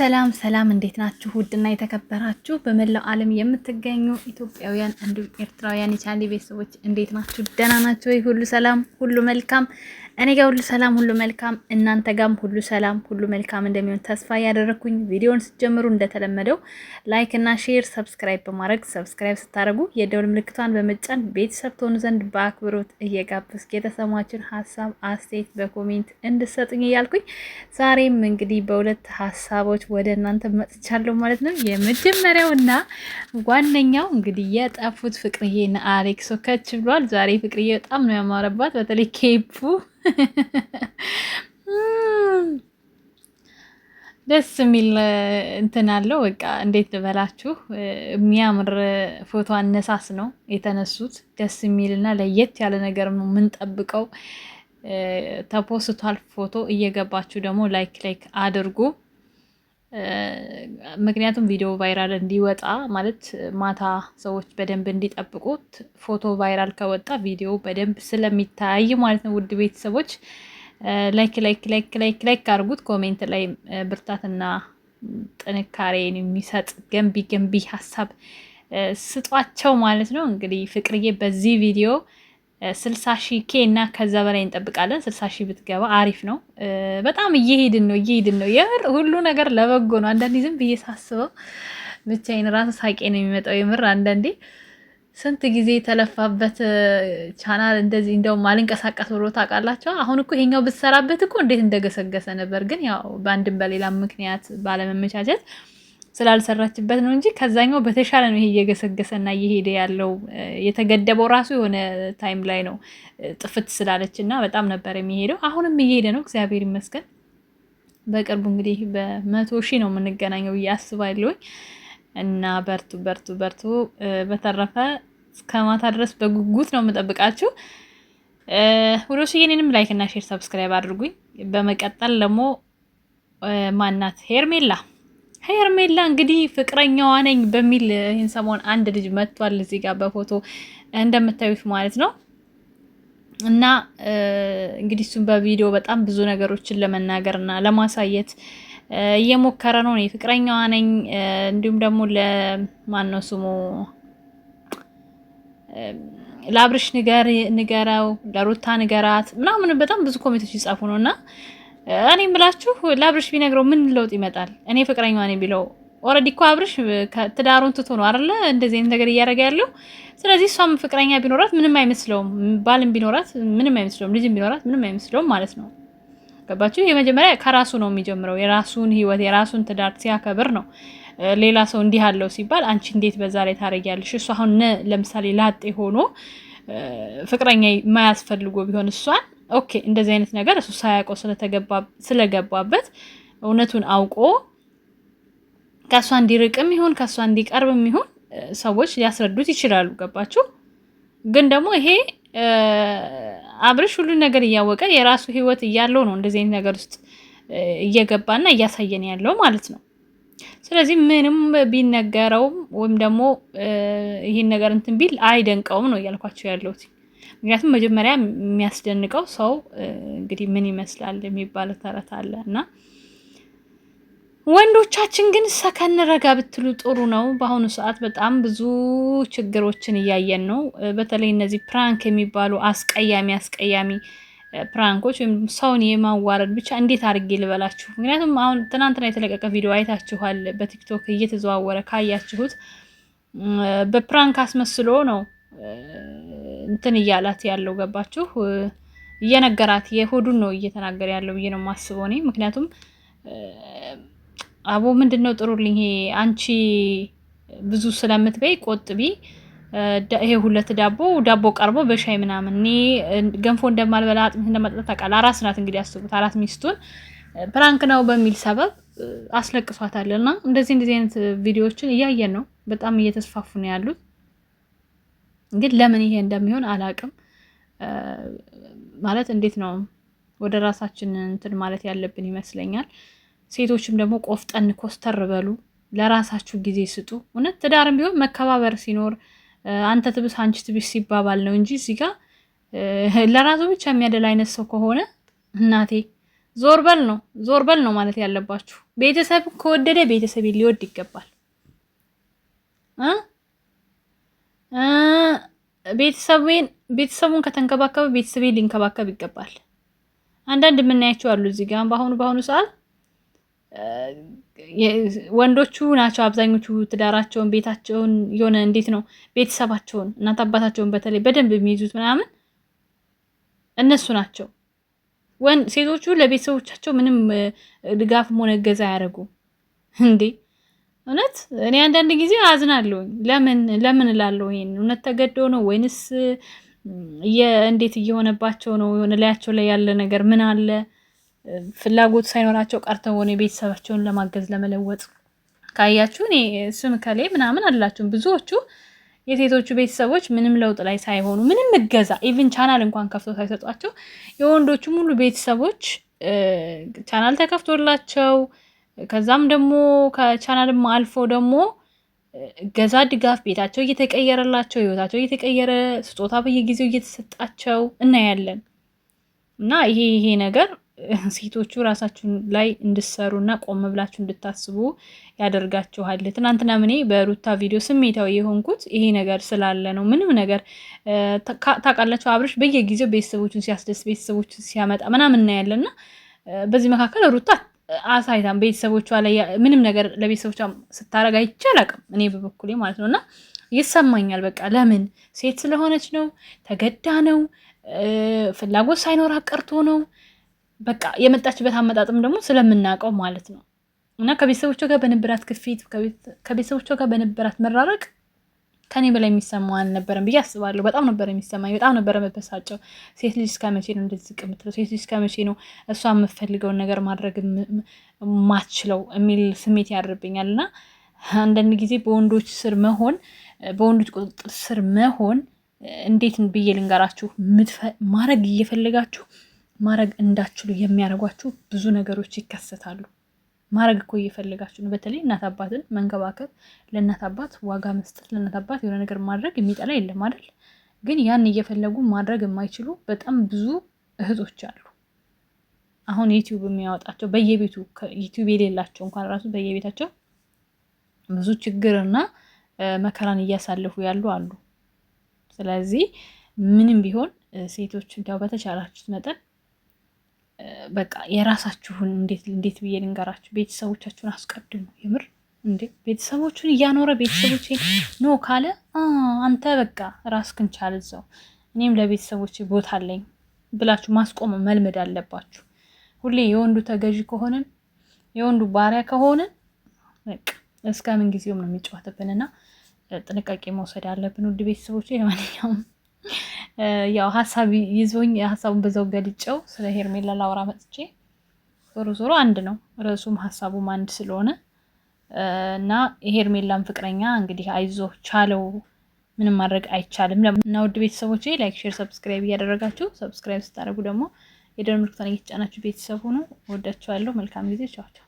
ሰላም ሰላም፣ እንዴት ናችሁ? ውድና የተከበራችሁ በመላው ዓለም የምትገኙ ኢትዮጵያውያን እንዲሁም ኤርትራውያን የቻሌ ቤተሰቦች እንዴት ናችሁ? ደህና ናችሁ ወይ? ሁሉ ሰላም፣ ሁሉ መልካም እኔ ጋር ሁሉ ሰላም ሁሉ መልካም፣ እናንተ ጋም ሁሉ ሰላም ሁሉ መልካም እንደሚሆን ተስፋ ያደረኩኝ። ቪዲዮውን ስትጀምሩ እንደተለመደው ላይክ እና ሼር፣ ሰብስክራይብ በማድረግ ሰብስክራይብ ስታደርጉ የደውል ምልክቷን በመጫን ቤተሰብ ትሆኑ ዘንድ በአክብሮት እየጋበዝኩ የተሰማችን ሀሳብ አስተያየት በኮሜንት እንድሰጡኝ እያልኩኝ ዛሬም እንግዲህ በሁለት ሀሳቦች ወደ እናንተ መጥቻለሁ ማለት ነው። የመጀመሪያው እና ዋነኛው እንግዲህ የጠፉት ፍቅርዬና አሌክሶ ከች ብሏል። ዛሬ ፍቅርዬ በጣም ነው ያማረባት፣ በተለይ ኬፑ ደስ የሚል እንትን አለው። በቃ እንዴት ልበላችሁ፣ የሚያምር ፎቶ አነሳስ ነው የተነሱት። ደስ የሚል ለየት ያለ ነገር ነው የምንጠብቀው። ተፖስቷል ፎቶ። እየገባችሁ ደግሞ ላይክ ላይክ አድርጉ። ምክንያቱም ቪዲዮ ቫይራል እንዲወጣ ማለት ማታ ሰዎች በደንብ እንዲጠብቁት ፎቶ ቫይራል ከወጣ ቪዲዮ በደንብ ስለሚታይ ማለት ነው። ውድ ቤተሰቦች ላይክ ላይክ ላይክ ላይክ ላይክ አድርጉት። ኮሜንት ላይ ብርታትና ጥንካሬን የሚሰጥ ገንቢ ገንቢ ሀሳብ ስጧቸው ማለት ነው። እንግዲህ ፍቅርዬ በዚህ ቪዲዮ ስልሳ ሺህ ኬ እና ከዛ በላይ እንጠብቃለን። ስልሳ ሺህ ብትገባ አሪፍ ነው። በጣም እየሄድን ነው እየሄድን ነው። የምር ሁሉ ነገር ለበጎ ነው። አንዳንዴ ዝም ብዬ ሳስበው ብቻዬን ራስ ሳቄ ነው የሚመጣው። የምር አንዳንዴ ስንት ጊዜ የተለፋበት ቻናል እንደዚህ እንደውም አልንቀሳቀስ ብሎ ታውቃላቸው። አሁን እኮ ይሄኛው ብትሰራበት እኮ እንዴት እንደገሰገሰ ነበር። ግን ያው በአንድም በሌላ ምክንያት ባለመመቻቸት ስላልሰራችበት ነው እንጂ ከዛኛው በተሻለ ነው ይሄ እየገሰገሰና እየሄደ ያለው። የተገደበው ራሱ የሆነ ታይም ላይ ነው ጥፍት ስላለች እና በጣም ነበር የሚሄደው። አሁንም እየሄደ ነው፣ እግዚአብሔር ይመስገን። በቅርቡ እንግዲህ በመቶ ሺህ ነው የምንገናኘው ብዬ አስባለሁኝ። እና በርቱ በርቱ በርቱ። በተረፈ እስከ ማታ ድረስ በጉጉት ነው የምጠብቃችሁ። ሁሎሽ የኔንም ላይክ እና ሼር ሰብስክራይብ አድርጉኝ። በመቀጠል ደግሞ ማናት ሄርሜላ ሄርሜላ እንግዲህ ፍቅረኛዋ ነኝ በሚል ይህን ሰሞን አንድ ልጅ መጥቷል፣ እዚህ ጋር በፎቶ እንደምታዩት ማለት ነው። እና እንግዲህ እሱም በቪዲዮ በጣም ብዙ ነገሮችን ለመናገርና ለማሳየት እየሞከረ ነው። እኔ ፍቅረኛዋ ነኝ እንዲሁም ደግሞ ለማነው ስሙ ለአብርሽ ንገረው፣ ለሩታ ንገራት ምናምን በጣም ብዙ ኮሜንቶች ይጻፉ ነው እና እኔ ብላችሁ ለአብርሽ ቢነግረው ምን ለውጥ ይመጣል? እኔ ፍቅረኛ ነኝ ቢለው ኦልሬዲ እኮ አብርሽ ትዳሩን ትቶ ነው አይደለ እንደዚህ አይነት ነገር እያደረገ ያለው። ስለዚህ እሷም ፍቅረኛ ቢኖራት ምንም አይመስለውም፣ ባልም ቢኖራት ምንም አይመስለውም፣ ልጅም ቢኖራት ምንም አይመስለውም ማለት ነው። ገባችሁ? የመጀመሪያ ከራሱ ነው የሚጀምረው። የራሱን ህይወት የራሱን ትዳር ሲያከብር ነው። ሌላ ሰው እንዲህ አለው ሲባል አንቺ እንዴት በዛ ላይ ታደርጊያለሽ? እሱ አሁን ለምሳሌ ላጤ ሆኖ ፍቅረኛ የማያስፈልጎ ቢሆን እሷን ኦኬ እንደዚህ አይነት ነገር እሱ ሳያውቀው ስለገባበት እውነቱን አውቆ ከእሷ እንዲርቅም ይሁን ከእሷ እንዲቀርብም ይሁን ሰዎች ሊያስረዱት ይችላሉ። ገባችሁ? ግን ደግሞ ይሄ አብርሽ ሁሉን ነገር እያወቀ የራሱ ህይወት እያለው ነው እንደዚህ አይነት ነገር ውስጥ እየገባና እያሳየን ያለው ማለት ነው። ስለዚህ ምንም ቢነገረውም ወይም ደግሞ ይህን ነገር እንትን ቢል አይደንቀውም ነው እያልኳቸው ያለሁት። ምክንያቱም መጀመሪያ የሚያስደንቀው ሰው እንግዲህ ምን ይመስላል የሚባለ ተረት አለ እና ወንዶቻችን ግን ሰከን ረጋ ብትሉ ጥሩ ነው። በአሁኑ ሰዓት በጣም ብዙ ችግሮችን እያየን ነው። በተለይ እነዚህ ፕራንክ የሚባሉ አስቀያሚ አስቀያሚ ፕራንኮች ወይም ሰውን የማዋረድ ብቻ እንዴት አድርጌ ልበላችሁ። ምክንያቱም አሁን ትናንትና የተለቀቀ ቪዲዮ አይታችኋል። በቲክቶክ እየተዘዋወረ ካያችሁት በፕራንክ አስመስሎ ነው እንትን እያላት ያለው ገባችሁ? እየነገራት የሆዱን ነው እየተናገረ ያለው ብዬ ነው የማስበው እኔ። ምክንያቱም አቦ ምንድን ነው ጥሩልኝ፣ ይሄ አንቺ ብዙ ስለምትበይ ቆጥቢ፣ ይሄ ሁለት ዳቦ ዳቦ ቀርቦ በሻይ ምናምን፣ እኔ ገንፎ እንደማልበላ አጥሚት እንደማልጠጣ ቃል አራስ ናት እንግዲህ አስቡት። አራት ሚስቱን ፕራንክ ነው በሚል ሰበብ አስለቅሷታል። እና እንደዚህ እንደዚህ አይነት ቪዲዮዎችን እያየን ነው፣ በጣም እየተስፋፉ ነው ያሉት። ግን ለምን ይሄ እንደሚሆን አላቅም። ማለት እንዴት ነው ወደ ራሳችን እንትን ማለት ያለብን ይመስለኛል። ሴቶችም ደግሞ ቆፍጠን ኮስተር በሉ፣ ለራሳችሁ ጊዜ ስጡ። እውነት ትዳርም ቢሆን መከባበር ሲኖር አንተ ትብስ አንቺ ትብስ ሲባባል ነው እንጂ እዚህ ጋ ለራሱ ብቻ የሚያደል አይነት ሰው ከሆነ እናቴ ዞር በል ነው ዞር በል ነው ማለት ያለባችሁ። ቤተሰብ ከወደደ ቤተሰብ ሊወድ ይገባል። ቤተሰቤን ቤተሰቡን ከተንከባከበ ቤተሰቤን ሊንከባከብ ይገባል። አንዳንድ የምናያቸው አሉ እዚህ ጋር በአሁኑ በአሁኑ ሰዓት ወንዶቹ ናቸው አብዛኞቹ ትዳራቸውን ቤታቸውን የሆነ እንዴት ነው ቤተሰባቸውን እናት አባታቸውን በተለይ በደንብ የሚይዙት ምናምን እነሱ ናቸው። ሴቶቹ ለቤተሰቦቻቸው ምንም ድጋፍም ሆነ እገዛ አያደርጉ እንዴ እውነት እኔ አንዳንድ ጊዜ አዝናለሁኝ። ለምን ለምን እላለሁ። ይሄን እውነት ተገደው ነው ወይንስ እንዴት እየሆነባቸው ነው? የሆነ ላያቸው ላይ ያለ ነገር ምን አለ? ፍላጎት ሳይኖራቸው ቀርተው ሆነ ቤተሰባቸውን ለማገዝ ለመለወጥ ካያችሁ እኔ ስም ከላይ ምናምን አላችሁ። ብዙዎቹ የሴቶቹ ቤተሰቦች ምንም ለውጥ ላይ ሳይሆኑ ምንም እገዛ ኢቭን ቻናል እንኳን ከፍቶ ሳይሰጧቸው የወንዶቹ ሙሉ ቤተሰቦች ቻናል ተከፍቶላቸው ከዛም ደግሞ ከቻናልም አልፎ ደግሞ ገዛ ድጋፍ ቤታቸው እየተቀየረላቸው ህይወታቸው እየተቀየረ ስጦታ በየጊዜው እየተሰጣቸው እናያለን። እና ይሄ ይሄ ነገር ሴቶቹ ራሳችሁን ላይ እንድሰሩ እና ቆም ብላችሁ እንድታስቡ ያደርጋችኋል። ትናንትና እኔ በሩታ ቪዲዮ ስሜታዊ የሆንኩት ይሄ ነገር ስላለ ነው። ምንም ነገር ታውቃላችሁ፣ አብርሽ በየጊዜው ቤተሰቦቹን ሲያስደስት ቤተሰቦቹን ሲያመጣ ምናምን እናያለን እና በዚህ መካከል ሩታ አሳይታም ቤተሰቦቿ ላይ ምንም ነገር ለቤተሰቦቿ ስታረግ አይቼ እኔ በበኩሌ ማለት ነው እና ይሰማኛል። በቃ ለምን ሴት ስለሆነች ነው፣ ተገዳ ነው፣ ፍላጎት ሳይኖራ ቀርቶ ነው። በቃ የመጣችበት አመጣጥም ደግሞ ስለምናውቀው ማለት ነው እና ከቤተሰቦቿ ጋር በነበራት ግፊት ከቤተሰቦቿ ጋር በነበራት መራረቅ ከኔ በላይ የሚሰማው አልነበረም ብዬ አስባለሁ። በጣም ነበረ የሚሰማኝ፣ በጣም ነበረ መበሳጨው። ሴት ልጅ እስከመቼ ነው እንደዚህ ዝቅ የምትለው? ሴት ልጅ እስከመቼ ነው እሷ የምፈልገውን ነገር ማድረግ ማችለው የሚል ስሜት ያድርብኛል እና አንዳንድ ጊዜ በወንዶች ስር መሆን በወንዶች ቁጥጥር ስር መሆን እንዴት ብዬ ልንገራችሁ፣ ማድረግ እየፈለጋችሁ ማድረግ እንዳችሉ የሚያደርጓችሁ ብዙ ነገሮች ይከሰታሉ። ማድረግ እኮ እየፈለጋችሁ ነው። በተለይ እናት አባትን መንከባከብ፣ ለእናት አባት ዋጋ መስጠት፣ ለእናት አባት የሆነ ነገር ማድረግ የሚጠላ የለም አይደል? ግን ያን እየፈለጉ ማድረግ የማይችሉ በጣም ብዙ እህቶች አሉ። አሁን ዩቲዩብ የሚያወጣቸው በየቤቱ ዩቲዩብ የሌላቸው እንኳን ራሱ በየቤታቸው ብዙ ችግርና መከራን እያሳለፉ ያሉ አሉ። ስለዚህ ምንም ቢሆን ሴቶች እንዲያው በተቻላችሁት መጠን በቃ የራሳችሁን እንዴት እንዴት ብዬ ልንገራችሁ፣ ቤተሰቦቻችሁን አስቀድሙ። የምር እንዴ ቤተሰቦቹን እያኖረ ቤተሰቦች ኖ ካለ አንተ በቃ ራስህን ቻል፣ እዛው እኔም ለቤተሰቦች ቦታ አለኝ ብላችሁ ማስቆም መልመድ አለባችሁ። ሁሌ የወንዱ ተገዢ ከሆንን የወንዱ ባሪያ ከሆንን እስከ ምን ጊዜውም ነው የሚጫወትብንና ጥንቃቄ መውሰድ አለብን። ውድ ቤተሰቦች ለማንኛውም ያው ሀሳብ ይዞኝ ሀሳቡን በዛው ገልጨው ስለ ሄርሜላ ላውራ መጥቼ ዞሮ ዞሮ አንድ ነው ርዕሱም ሀሳቡም አንድ ስለሆነ እና የሄርሜላን ፍቅረኛ እንግዲህ አይዞ ቻለው፣ ምንም ማድረግ አይቻልም። እና ውድ ቤተሰቦች ላይክ፣ ሼር፣ ሰብስክራይብ እያደረጋችሁ ሰብስክራይብ ስታደርጉ ደግሞ የደወል ምልክቱን እየተጫናችሁ ቤተሰብ ሆኖ ወዳችኋለሁ። መልካም ጊዜ። ቻውቻው